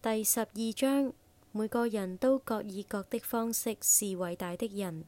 第十二章，每個人都各以各的方式是偉大的人。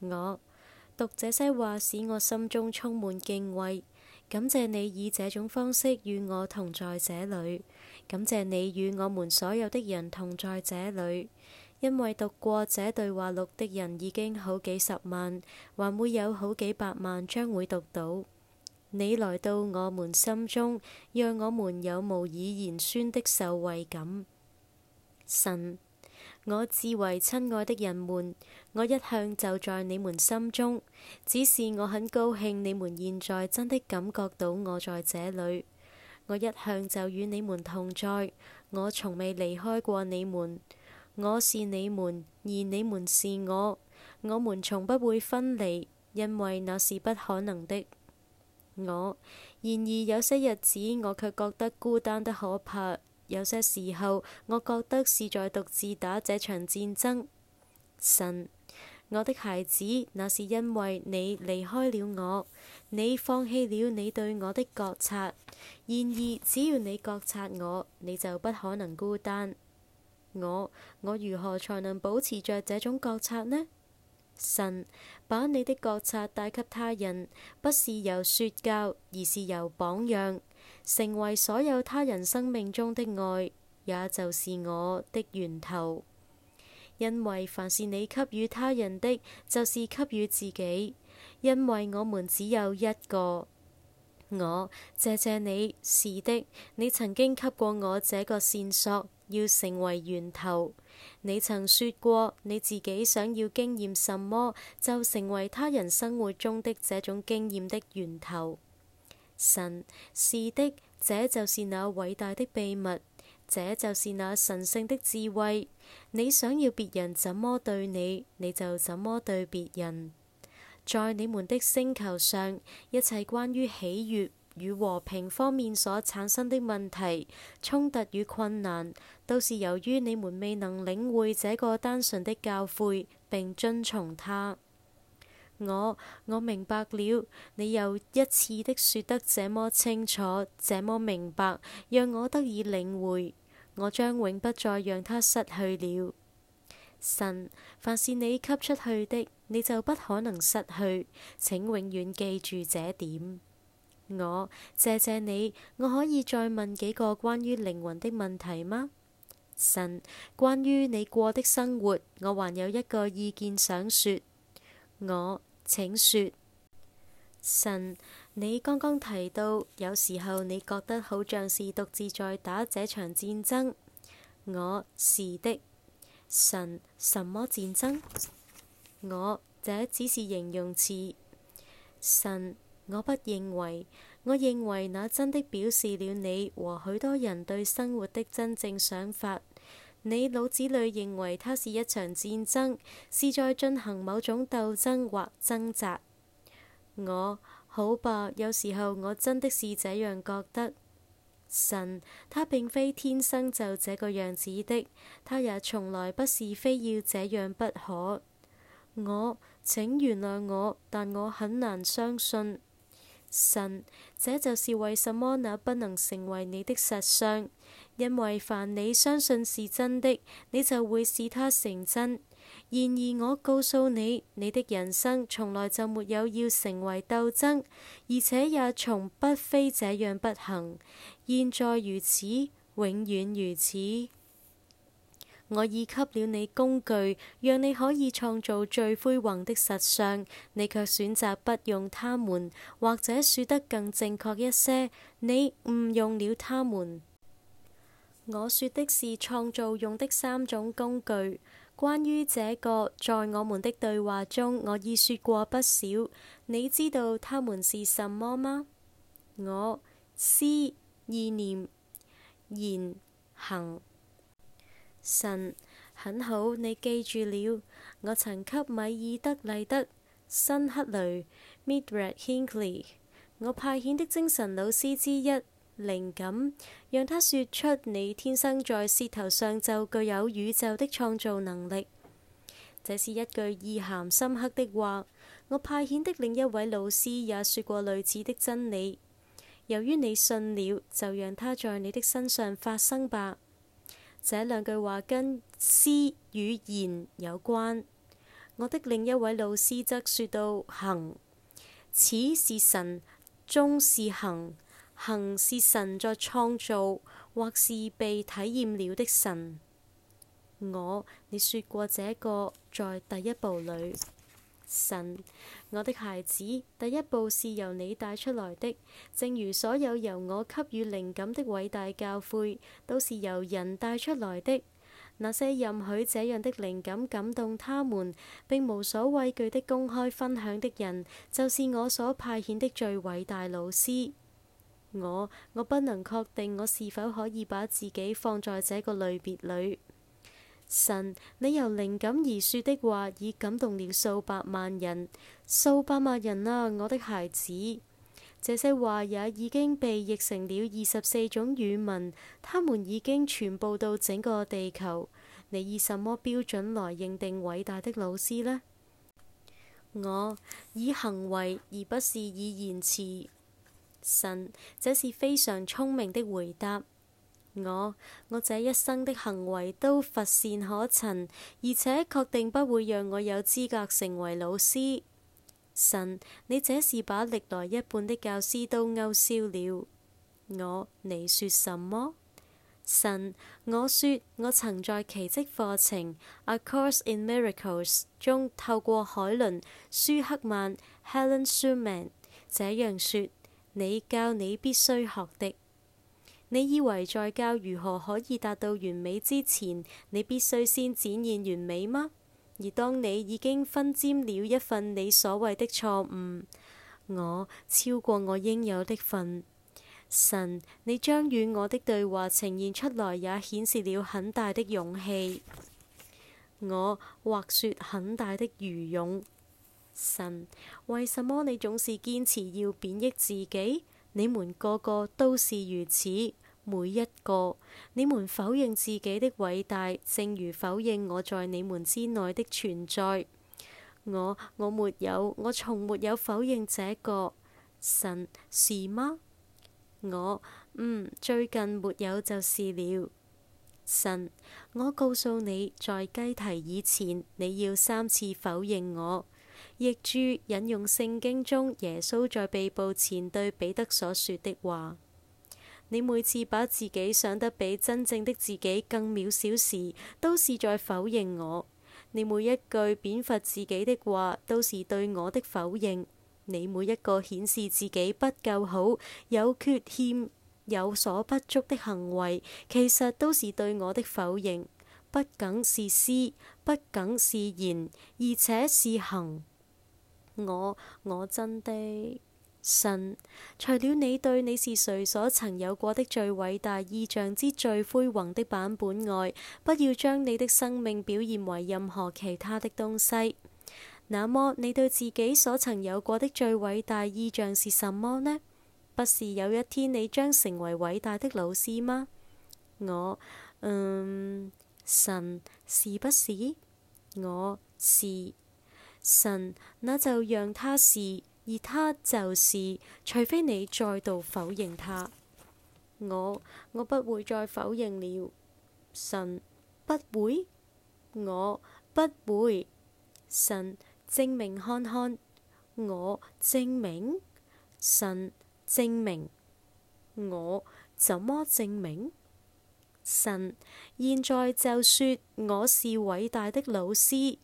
我讀這些話使我心中充滿敬畏，感謝你以這種方式與我同在這裡，感謝你與我們所有的人同在這裡，因為讀過這對話錄的人已經好幾十萬，還會有好幾百萬將會讀到。你來到我們心中，讓我們有無以言宣的受惠感。神，我至為親愛的人們，我一向就在你們心中，只是我很高興你們現在真的感覺到我在這裏。我一向就與你們同在，我從未離開過你們。我是你們，而你們是我，我們從不會分離，因為那是不可能的。我，然而有些日子我卻覺得孤單得可怕，有些時候我覺得是在獨自打這場戰爭。神，我的孩子，那是因為你離開了我，你放棄了你對我的覺察。然而只要你覺察我，你就不可能孤單。我，我如何才能保持着這種覺察呢？神，把你的覺察帶給他人，不是由說教，而是由榜樣，成為所有他人生命中的愛，也就是我的源頭。因為凡是你給予他人的，就是給予自己。因為我們只有一個我，謝謝你。是的，你曾經給過我這個線索。要成為源頭，你曾說過你自己想要經驗什麼，就成為他人生活中的這種經驗的源頭。神，是的，這就是那偉大的秘密，這就是那神聖的智慧。你想要別人怎麼對你，你就怎麼對別人。在你們的星球上，一切關於喜悅。與和平方面所產生的問題、衝突與困難，都是由於你們未能領會這個單純的教誨，並遵從它。我我明白了，你又一次的說得這麼清楚，這麼明白，讓我得以領會。我將永不再讓它失去了。神，凡是你給出去的，你就不可能失去，請永遠記住這點。我謝謝你，我可以再問幾個關於靈魂的問題嗎？神，關於你過的生活，我還有一個意見想說。我，請說。神，你剛剛提到有時候你覺得好像是獨自在打這場戰爭。我是的。神，什麼戰爭？我這只是形容詞。神。我不認為，我認為那真的表示了你和許多人對生活的真正想法。你腦子裏認為它是一場戰爭，是在進行某種鬥爭或掙扎。我好吧，有時候我真的是這樣覺得。神，他並非天生就這個樣子的，他也從來不是非要這樣不可。我，請原諒我，但我很難相信。神，這就是為什麼那不能成為你的實相，因為凡你相信是真的，你就會使它成真。然而我告訴你，你的人生從來就沒有要成為鬥爭，而且也從不非這樣不行。現在如此，永遠如此。我已給了你工具，讓你可以創造最輝煌的實相。你卻選擇不用它們，或者説得更正確一些，你誤用了它們。我說的是創造用的三種工具。關於這個，在我們的對話中，我已說過不少。你知道它們是什麼嗎？我思、意念、言、行。神，很好，你記住了。我曾給米爾德麗德·辛克雷 （Midred Hinckley） 我派遣的精神老師之一靈感，讓他說出你天生在舌頭上就具有宇宙的創造能力。這是一句意涵深刻的話。我派遣的另一位老師也說過類似的真理。由於你信了，就讓它在你的身上發生吧。這兩句話跟思與言有關。我的另一位老師則說道：「行，始是神，終是行，行是神在創造，或是被體驗了的神。我，你說過，這個在第一部裏。神，我的孩子，第一步是由你帶出來的，正如所有由我給予靈感的偉大教誨都是由人帶出來的。那些允許這樣的靈感感動他們，並無所畏懼的公開分享的人，就是我所派遣的最偉大老師。我，我不能確定我是否可以把自己放在這個類別裏。神，你由靈感而說的話已感動了數百萬人，數百萬人啊，我的孩子。這些話也已經被譯成了二十四種語文，他們已經傳播到整個地球。你以什麼標準來認定偉大的老師呢？我以行為，而不是以言辭。神，這是非常聰明的回答。我我這一生的行為都乏善可陳，而且確定不會讓我有資格成為老師。神，你這是把歷來一半的教師都勾銷了。我你說什麼？神，我說我曾在奇蹟課程《A Course in Miracles》中透過海倫舒克曼 （Helen Schumann） 這樣說：你教你必須學的。你以為在教如何可以達到完美之前，你必須先展現完美嗎？而當你已經分沾了一份你所謂的錯誤，我超過我應有的份，神，你將與我的對話呈現出來，也顯示了很大的勇氣。我或說很大的愚勇，神，為什麼你總是堅持要貶抑自己？你們個個都是如此。每一個，你們否認自己的偉大，正如否認我在你們之內的存在。我我沒有，我從沒有否認這個。神，是嗎？我嗯，最近沒有就是了。神，我告訴你，在雞啼以前，你要三次否認我。譯注：引用聖經中耶穌在被捕前對彼得所說的話。你每次把自己想得比真正的自己更渺小時，都是在否認我；你每一句貶罰自己的話，都是對我的否認；你每一個顯示自己不夠好、有缺欠，有所不足的行為，其實都是對我的否認。不僅是思，不僅是言，而且是行。我我真的。神，除了你對你是誰所曾有過的最偉大意象之最輝煌的版本外，不要將你的生命表現為任何其他的東西。那麼你對自己所曾有過的最偉大意象是什麼呢？不是有一天你將成為偉大的老師嗎？我，嗯，神，是不是？我是神，那就讓他是。而他就是，除非你再度否認他，我我不會再否認了。神不會，我不會。神證明看看，我證明，神證明，我怎麼證明？神現在就說我是偉大的老師。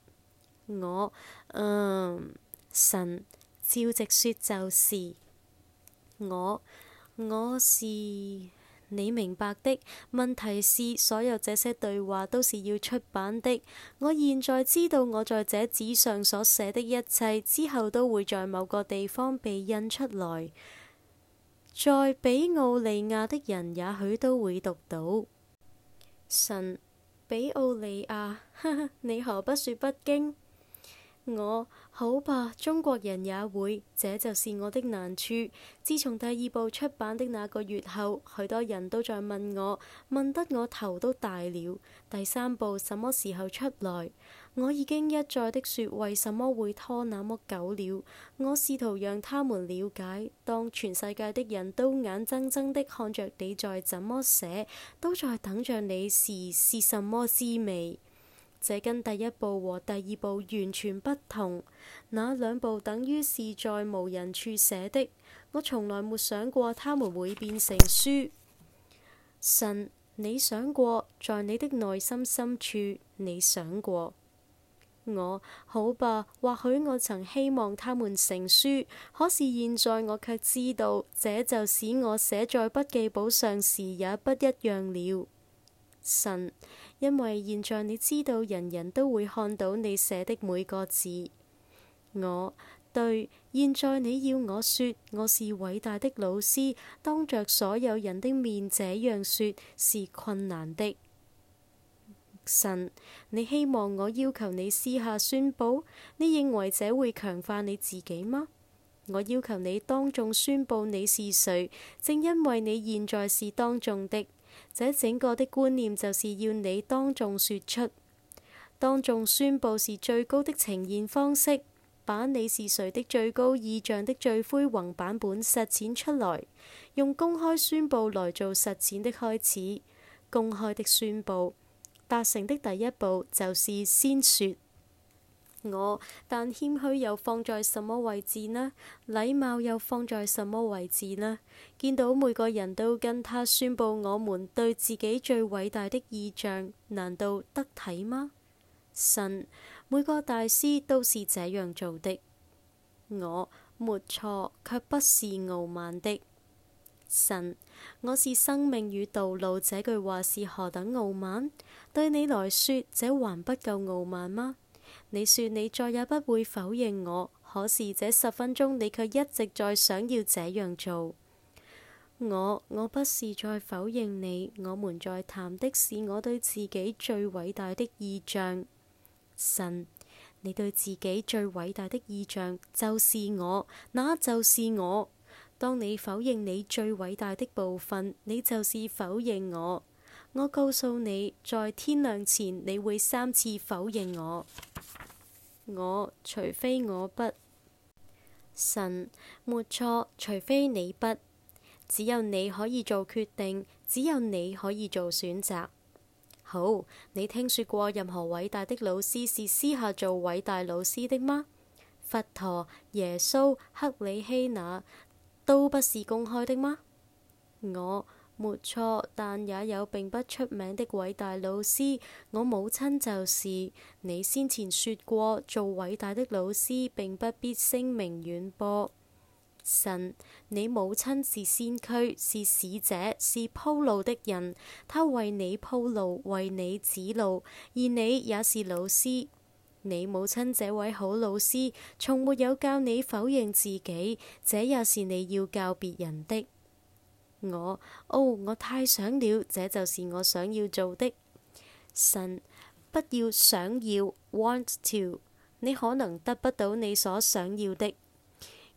我嗯，神。照直説就是我，我是你明白的。問題是，所有這些對話都是要出版的。我現在知道，我在這紙上所寫的一切，之後都會在某個地方被印出來。在比奧利亞的人，也許都會讀到。神比奧，比奧利亞，你何不説北京？我好吧，中國人也會，這就是我的難處。自從第二部出版的那個月後，許多人都在問我，問得我頭都大了。第三部什麼時候出來？我已經一再的說為什麼會拖那麼久了。我試圖讓他們了解，當全世界的人都眼睜睜的看着你在怎麼寫，都在等着你時，是什麼滋味？這跟第一部和第二部完全不同，那兩部等於是在無人處寫的，我從來沒想過他們會變成書。神，你想過在你的內心深處，你想過我？好吧，或許我曾希望他們成書，可是現在我卻知道，這就使我寫在筆記簿上時也不一樣了。神。因為現在你知道，人人都會看到你寫的每個字。我對，現在你要我說我是偉大的老師，當着所有人的面這樣說是困難的。神，你希望我要求你私下宣布？你認為這會強化你自己嗎？我要求你當眾宣布你是誰，正因為你現在是當眾的。這整個的觀念就是要你當眾說出，當眾宣布是最高的呈現方式，把你是誰的最高意象的最恢宏版本實踐出來，用公開宣布來做實踐的開始。公開的宣布達成的第一步就是先說。我但，謙虛又放在什麼位置呢？禮貌又放在什麼位置呢？見到每個人都跟他宣布我們對自己最偉大的意象，難道得體嗎？神，每個大師都是這樣做的。我沒錯，卻不是傲慢的。神，我是生命與道路，這句話是何等傲慢？對你來說，這還不夠傲慢嗎？你說你再也不會否認我，可是這十分鐘你卻一直在想要這樣做。我，我不是在否認你，我們在談的是我對自己最偉大的意象。神，你對自己最偉大的意象就是我，那就是我。當你否認你最偉大的部分，你就是否認我。我告訴你，在天亮前，你會三次否認我。我，除非我不神。沒錯，除非你不。只有你可以做決定，只有你可以做選擇。好，你聽說過任何偉大的老師是私下做偉大老師的嗎？佛陀、耶穌、克里希那都不是公開的嗎？我。沒錯，但也有並不出名的偉大老師。我母親就是你先前說過做偉大的老師並不必聲名遠播。神，你母親是先驅，是使者，是鋪路的人。他為你鋪路，為你指路，而你也是老師。你母親這位好老師從沒有教你否認自己，這也是你要教別人的。我哦，我太想了，這就是我想要做的。神，不要想要 want to，你可能得不到你所想要的。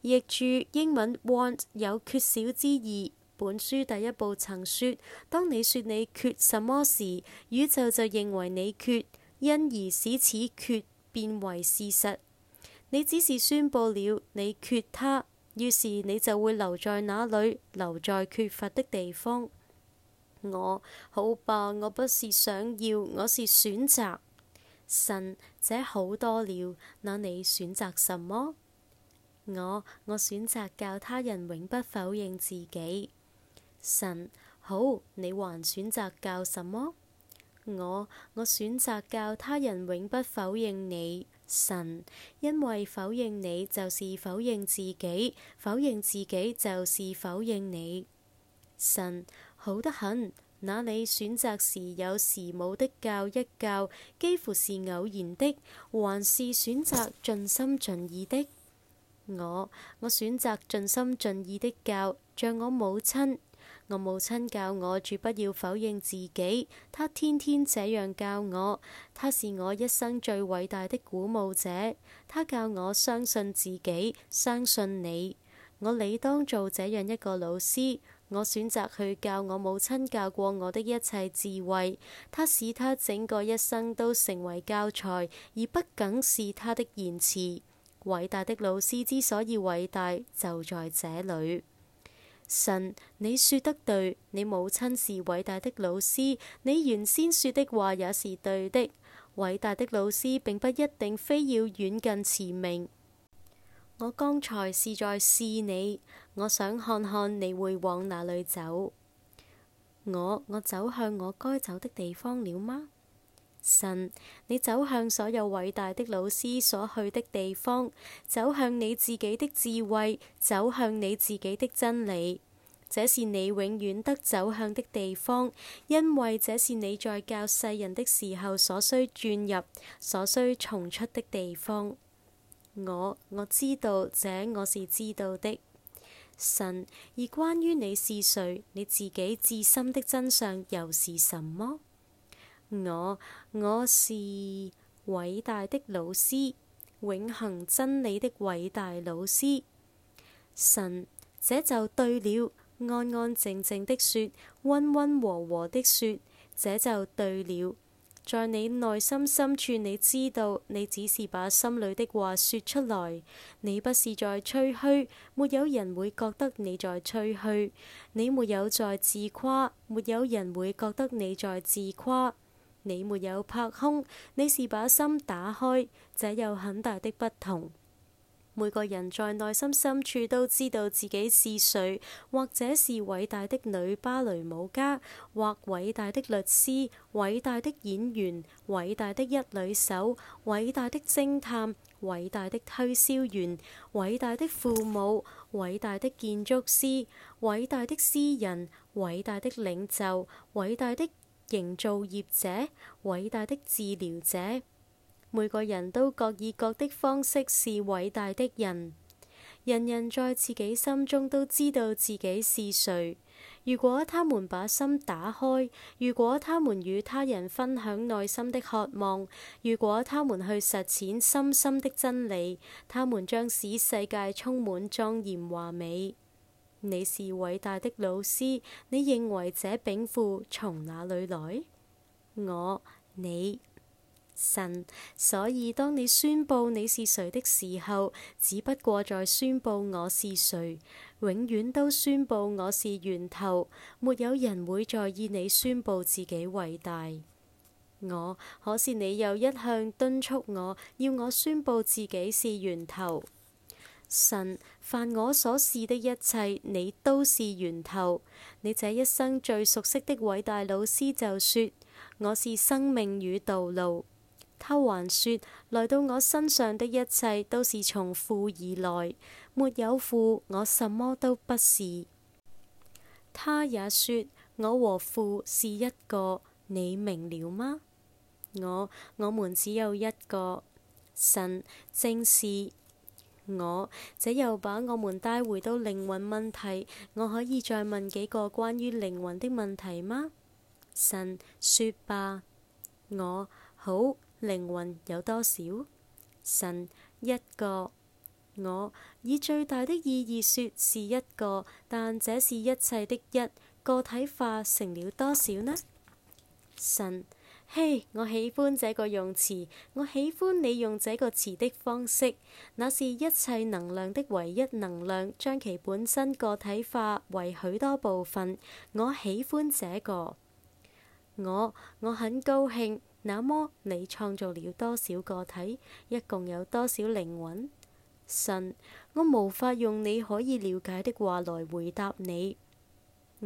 譯注：英文 want 有缺少之意。本書第一部曾說，當你說你缺什麼時，宇宙就認為你缺，因而使此缺變為事實。你只是宣布了你缺他。於是你就會留在那裏，留在缺乏的地方。我，好吧，我不是想要，我是選擇。神，這好多了。那你選擇什麼？我，我選擇教他人永不否認自己。神，好，你還選擇教什麼？我，我選擇教他人永不否認你。神，因為否認你就是否認自己，否認自己就是否認你。神，好得很，那你選擇時有時冇的教一教，幾乎是偶然的，還是選擇盡心盡意的？我我選擇盡心盡意的教，像我母親。我母親教我絕不要否認自己，她天天這樣教我。她是我一生最偉大的鼓舞者，她教我相信自己，相信你。我理當做這樣一個老師，我選擇去教我母親教過我的一切智慧。她使她整個一生都成為教材，而不僅是她的言辭。偉大的老師之所以偉大，就在這裏。神，你說得對。你母親是偉大的老師，你原先說的話也是對的。偉大的老師並不一定非要遠近馳名。我剛才是在試你，我想看看你會往哪裏走。我，我走向我該走的地方了嗎？神，你走向所有偉大的老師所去的地方，走向你自己的智慧，走向你自己的真理。這是你永遠得走向的地方，因為這是你在教世人的時候所需轉入、所需重出的地方。我，我知道這，我是知道的。神，而關於你是誰，你自己至深的真相又是什麼？我我是偉大的老師，永恒真理的偉大老師。神，這就對了。安安靜靜的說，温温和和的說，這就對了。在你內心深處，你知道你只是把心裏的話說出來，你不是在吹嘘，沒有人會覺得你在吹嘘。你沒有在自誇，沒有人會覺得你在自誇。你沒有拍胸，你是把心打開，這有很大的不同。每個人在內心深處都知道自己是誰，或者是偉大的女芭蕾舞家，或偉大的律師，偉大的演員，偉大的一女手，偉大的偵探，偉大的推銷員，偉大的父母，偉大的建築師，偉大的詩人，偉大的領袖，偉大的。營造業者，偉大的治療者，每個人都各以各的方式是偉大的人。人人在自己心中都知道自己是誰。如果他們把心打開，如果他們與他人分享內心的渴望，如果他們去實踐深深深的真理，他們將使世界充滿莊嚴華美。你是偉大的老師，你認為這稟賦從哪裏來？我、你、神，所以當你宣佈你是誰的時候，只不過在宣佈我是誰，永遠都宣佈我是源頭。沒有人會在意你宣佈自己偉大。我可是你又一向敦促我要我宣佈自己是源頭。神，凡我所是的一切，你都是源頭。你這一生最熟悉的偉大老師就說：我是生命與道路。他還說，來到我身上的一切都是從父而來，沒有父，我什麼都不是。他也說，我和父是一個，你明了嗎？我，我們只有一個神，正是。我，這又把我們帶回到靈魂問題。我可以再問幾個關於靈魂的問題嗎？神，說吧。我，好，靈魂有多少？神，一個。我以最大的意義說是一個，但這是一切的一，個體化成了多少呢？神。嘿，hey, 我喜歡這個用詞，我喜歡你用這個詞的方式。那是一切能量的唯一能量，將其本身個體化為許多部分。我喜歡這個，我我很高興，那麼你創造了多少個體，一共有多少靈魂？神，我無法用你可以了解的話來回答你。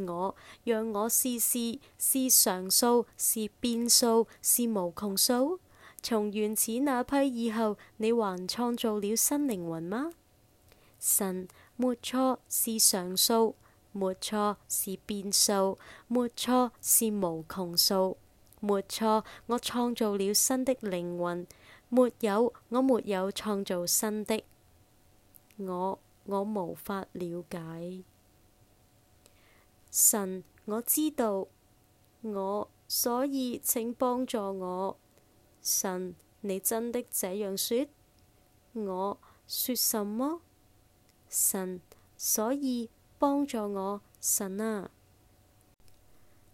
我讓我試試，是常數？是變數？是無窮數？從原始那批以後，你還創造了新靈魂嗎？神，沒錯，是常數，沒錯，是變數，沒錯，是無窮數，沒錯，我創造了新的靈魂。沒有，我沒有創造新的。我我無法了解。神，我知道我，所以請幫助我。神，你真的這樣說？我說什麼？神，所以幫助我。神啊！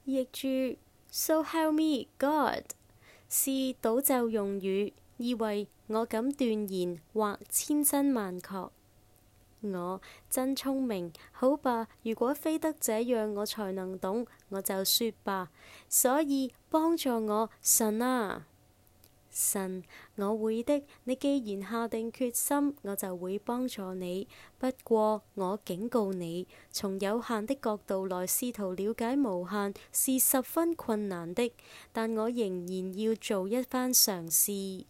譯注 s o、so、help me God，是賭咒用語，意為我敢斷言或千真萬確。我真聰明，好吧，如果非得這樣我才能懂，我就說吧。所以幫助我，神啊，神，我會的。你既然下定決心，我就會幫助你。不過我警告你，從有限的角度來試圖了解無限是十分困難的，但我仍然要做一番嘗試。